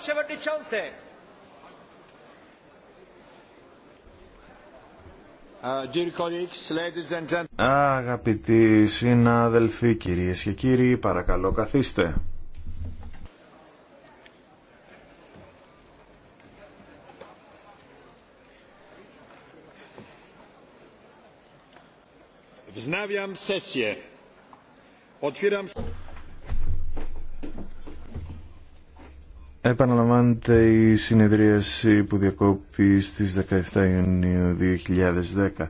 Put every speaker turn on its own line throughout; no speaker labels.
Przewodniczący! Uh, ah, αγαπητοί συναδελφοί, κυρίες και κύριοι, παρακαλώ καθίστε. Wznawiam sesję. Otwieram Επαναλαμβάνεται η συνεδρίαση που διακόπη στις 17 Ιουνίου 2010.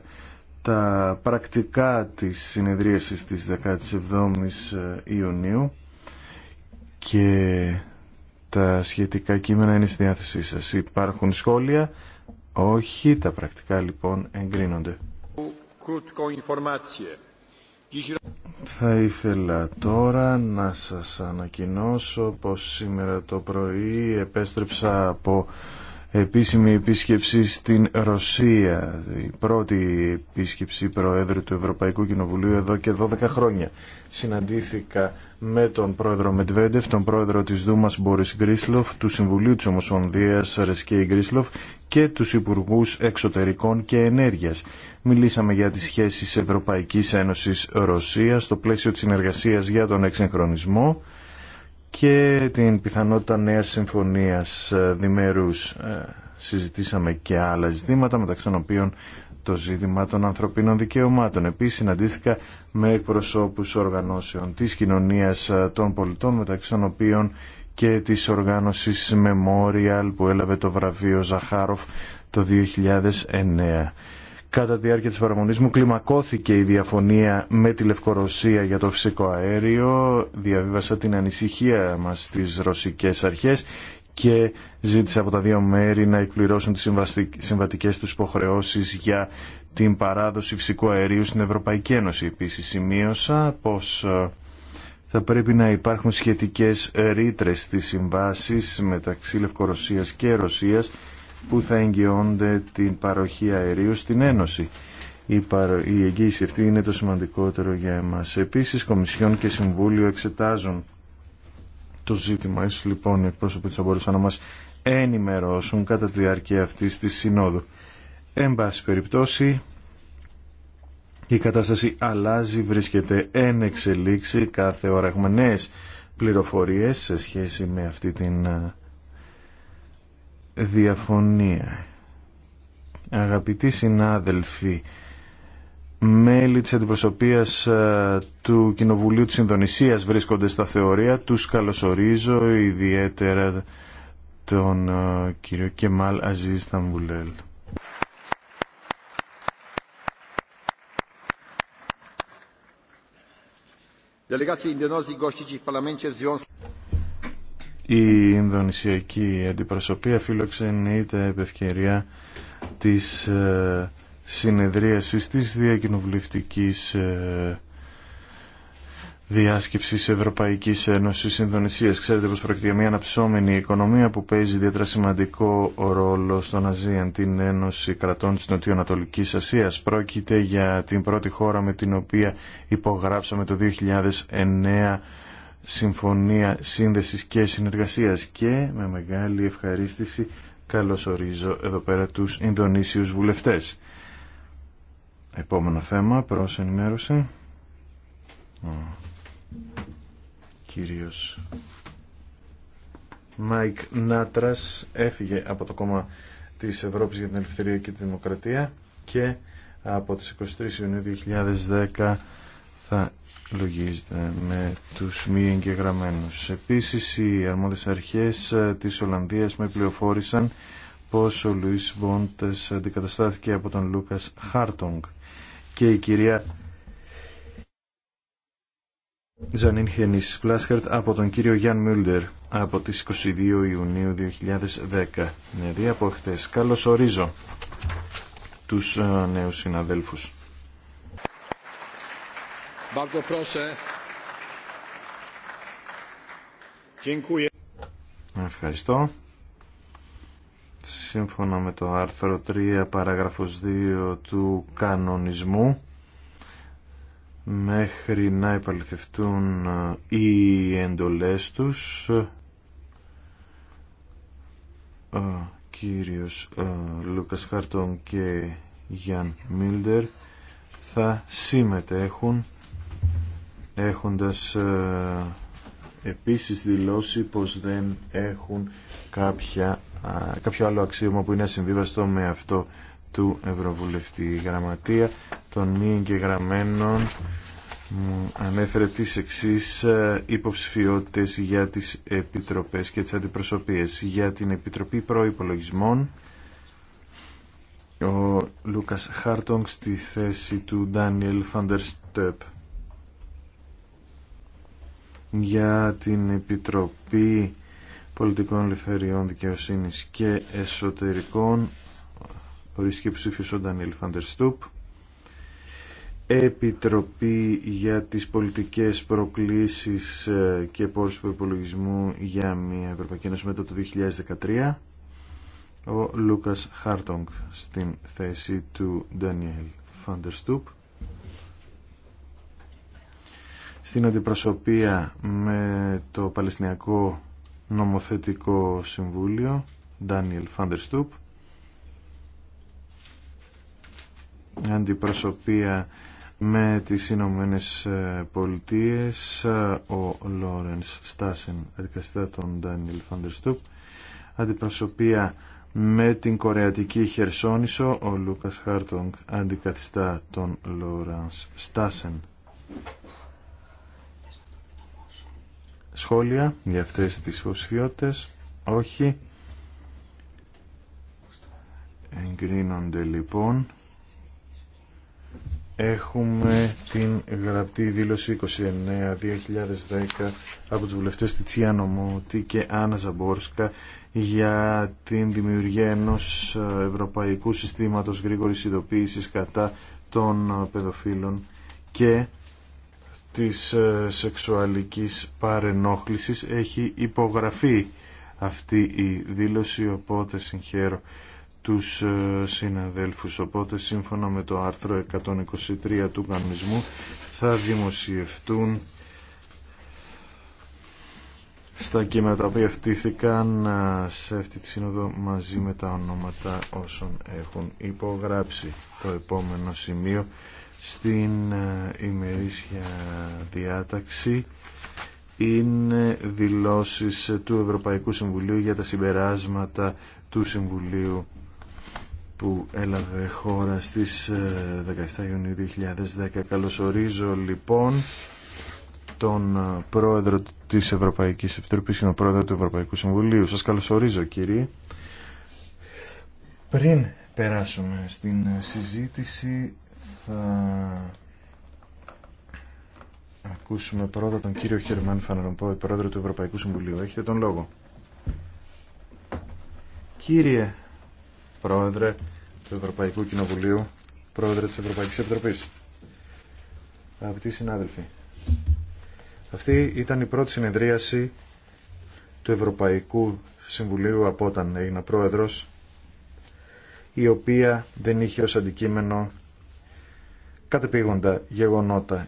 Τα πρακτικά της συνεδρίασης της 17 Ιουνίου και τα σχετικά κείμενα είναι στη διάθεσή σας. Υπάρχουν σχόλια. Όχι, τα πρακτικά λοιπόν εγκρίνονται. Θα ήθελα τώρα να σας ανακοινώσω πως σήμερα το πρωί επέστρεψα από επίσημη επίσκεψη στην Ρωσία. Η πρώτη επίσκεψη Προέδρου του Ευρωπαϊκού Κοινοβουλίου εδώ και 12 χρόνια. Συναντήθηκα με τον Πρόεδρο Μετβέντεφ, τον Πρόεδρο της Δούμας Μπόρις Γκρίσλοφ, του Συμβουλίου της Ομοσπονδίας Ρεσκέη Γκρίσλοφ και τους Υπουργούς Εξωτερικών και Ενέργειας. Μιλήσαμε για τις σχέσεις Ευρωπαϊκής Ένωσης Ένωσης-Ρωσία στο πλαίσιο της συνεργασίας για τον εξυγχρονισμό και την πιθανότητα νέας συμφωνίας ε, διμερούς. Ε, συζητήσαμε και άλλα ζητήματα, μεταξύ των οποίων το ζήτημα των ανθρωπίνων δικαιωμάτων. Επίσης συναντήθηκα με εκπροσώπους οργανώσεων της κοινωνίας ε, των πολιτών, μεταξύ των οποίων και της οργάνωσης Memorial που έλαβε το βραβείο Ζαχάροφ το 2009 κατά τη διάρκεια της παραμονής μου κλιμακώθηκε η διαφωνία με τη Λευκορωσία για το φυσικό αέριο. Διαβίβασα την ανησυχία μας στις ρωσικές αρχές και ζήτησα από τα δύο μέρη να εκπληρώσουν τις συμβατικές τους υποχρεώσεις για την παράδοση φυσικού αερίου στην Ευρωπαϊκή Ένωση. Επίσης σημείωσα πως ε, θα πρέπει να υπάρχουν σχετικές ρήτρες στις συμβάσεις μεταξύ Λευκορωσίας και Ρωσίας που θα εγγυώνται την παροχή αερίου στην Ένωση. Η, παρο... η εγγύηση αυτή είναι το σημαντικότερο για εμάς. Επίσης, Κομισιόν και Συμβούλιο εξετάζουν το ζήτημα. Ίσως λοιπόν οι εκπρόσωποι θα μπορούσαν να μας ενημερώσουν κατά τη διάρκεια αυτής της συνόδου. Εν πάση περιπτώσει, η κατάσταση αλλάζει, βρίσκεται εν εξελίξη. Κάθε ώρα έχουμε νέες πληροφορίες σε σχέση με αυτή την ε, διαφωνία. Αγαπητοί συνάδελφοι, μέλη της αντιπροσωπείας ε, του Κοινοβουλίου της Ινδονησίας βρίσκονται στα θεωρία. Τους καλωσορίζω ιδιαίτερα τον ε, κύριο Κεμάλ Αζίζ Σταμβουλέλ. Delegacja Indonezji w parlamencie η Ινδονησιακή Αντιπροσωπεία φιλοξενείται επ' ευκαιρία της ε, συνεδρίασης της διακοινοβουλευτικής ε, διάσκεψης Ευρωπαϊκής Ένωσης Ινδονησίας. Ξέρετε πως πρόκειται για μια αναψώμενη οικονομία που παίζει ιδιαίτερα σημαντικό ρόλο στον ΑΖΙΑΝ, την Ένωση Κρατών της Νοτιοανατολικής Ασίας. Πρόκειται για την πρώτη χώρα με την οποία υπογράψαμε το 2009 συμφωνία σύνδεσης και συνεργασίας και με μεγάλη ευχαρίστηση καλωσορίζω εδώ πέρα τους Ινδονήσιους βουλευτές. Επόμενο θέμα, προς ενημέρωση. Ο κύριος Μάικ Νάτρας έφυγε από το κόμμα της Ευρώπης για την Ελευθερία και τη Δημοκρατία και από τις 23 Ιουνίου 2010 θα λογίζεται με τους μη εγγεγραμμένους. Επίσης οι αρμόδιες αρχές ε, της Ολλανδίας με πληροφόρησαν πως ο Λουίς Μπόντες αντικαταστάθηκε από τον Λούκας Χάρτονγκ και η κυρία Ζανίν Χενής Πλάσχερτ από τον κύριο Γιάν Μιούλτερ από τις 22 Ιουνίου 2010. Δηλαδή από χτες. Καλώς ορίζω τους ε, νέους συναδέλφους. Ευχαριστώ. Σύμφωνα με το άρθρο 3 παράγραφος 2 του κανονισμού μέχρι να επαληθευτούν ε, οι εντολές τους ο ε, κύριος ε, Λούκας Χάρτον και Γιάν Μίλντερ θα συμμετέχουν έχοντας ε, επίσης δηλώσει πως δεν έχουν κάποια, κάποιο άλλο αξίωμα που είναι ασυμβίβαστο με αυτό του Ευρωβουλευτή. γραμματεία των μη εγγεγραμμένων μου ανέφερε τις εξής ε, υποψηφιότητες για τις επιτροπές και τις αντιπροσωπείες. Για την Επιτροπή Προϋπολογισμών, ο Λούκας Χάρτονγκ στη θέση του Ντάνιελ Φαντερστέπ για την Επιτροπή Πολιτικών Ελευθεριών Δικαιοσύνης και Εσωτερικών ορίστηκε ψήφιος ο Ντανίλ Φαντερστούπ Επιτροπή για τις πολιτικές προκλήσεις ε, και πόρους υπολογισμού για μια Ευρωπαϊκή Ένωση μετά το 2013 ο Λούκας Χάρτονγκ στην θέση του Ντανιέλ Φαντερστούπ στην αντιπροσωπεία με το Παλαιστινιακό Νομοθετικό Συμβούλιο, Ντάνιελ Φαντερστούπ, αντιπροσωπεία με τις Ηνωμένε Πολιτείες, ο Λόρενς Στάσεν, αντικαθιστά τον Ντάνιελ Φαντερστούπ, αντιπροσωπεία με την Κορεατική Χερσόνησο, ο Λούκας Χάρτονγκ αντικαθιστά τον Λόρανς Στάσεν σχόλια για αυτές τις υποψηφιότητες. Όχι. Εγκρίνονται λοιπόν. Έχουμε την γραπτή δήλωση 29-2010 από τους βουλευτές Τιτσιάνο και Άννα Ζαμπόρσκα για την δημιουργία ενός ευρωπαϊκού συστήματος γρήγορης ειδοποίησης κατά των παιδοφίλων και της ε, σεξουαλικής παρενόχλησης έχει υπογραφεί αυτή η δήλωση οπότε συγχαίρω τους ε, συναδέλφους οπότε σύμφωνα με το άρθρο 123 του κανονισμού θα δημοσιευτούν στα κείμενα τα οποία φτύθηκαν σε αυτή τη σύνοδο μαζί με τα ονόματα όσων έχουν υπογράψει το επόμενο σημείο στην ημερήσια διάταξη είναι δηλώσεις του Ευρωπαϊκού Συμβουλίου για τα συμπεράσματα του Συμβουλίου που έλαβε χώρα στις 17 Ιουνίου 2010. Καλωσορίζω λοιπόν τον ε, πρόεδρο της Ευρωπαϊκής Επιτροπής και τον πρόεδρο του Ευρωπαϊκού Συμβουλίου. Σας καλωσορίζω κύριε. Πριν περάσουμε στην ε, συζήτηση θα ακούσουμε πρώτα τον κύριο Χερμάν Φαναρομπό, πρόεδρο του Ευρωπαϊκού Συμβουλίου. Έχετε τον λόγο. Κύριε Πρόεδρε του Ευρωπαϊκού Κοινοβουλίου, Πρόεδρε της Ευρωπαϊκής Επιτροπής, αγαπητοί συνάδελφοι, αυτή ήταν η πρώτη συνεδρίαση του Ευρωπαϊκού Συμβουλίου από όταν έγινα πρόεδρος, η οποία δεν είχε ως αντικείμενο κατεπήγοντα γεγονότα.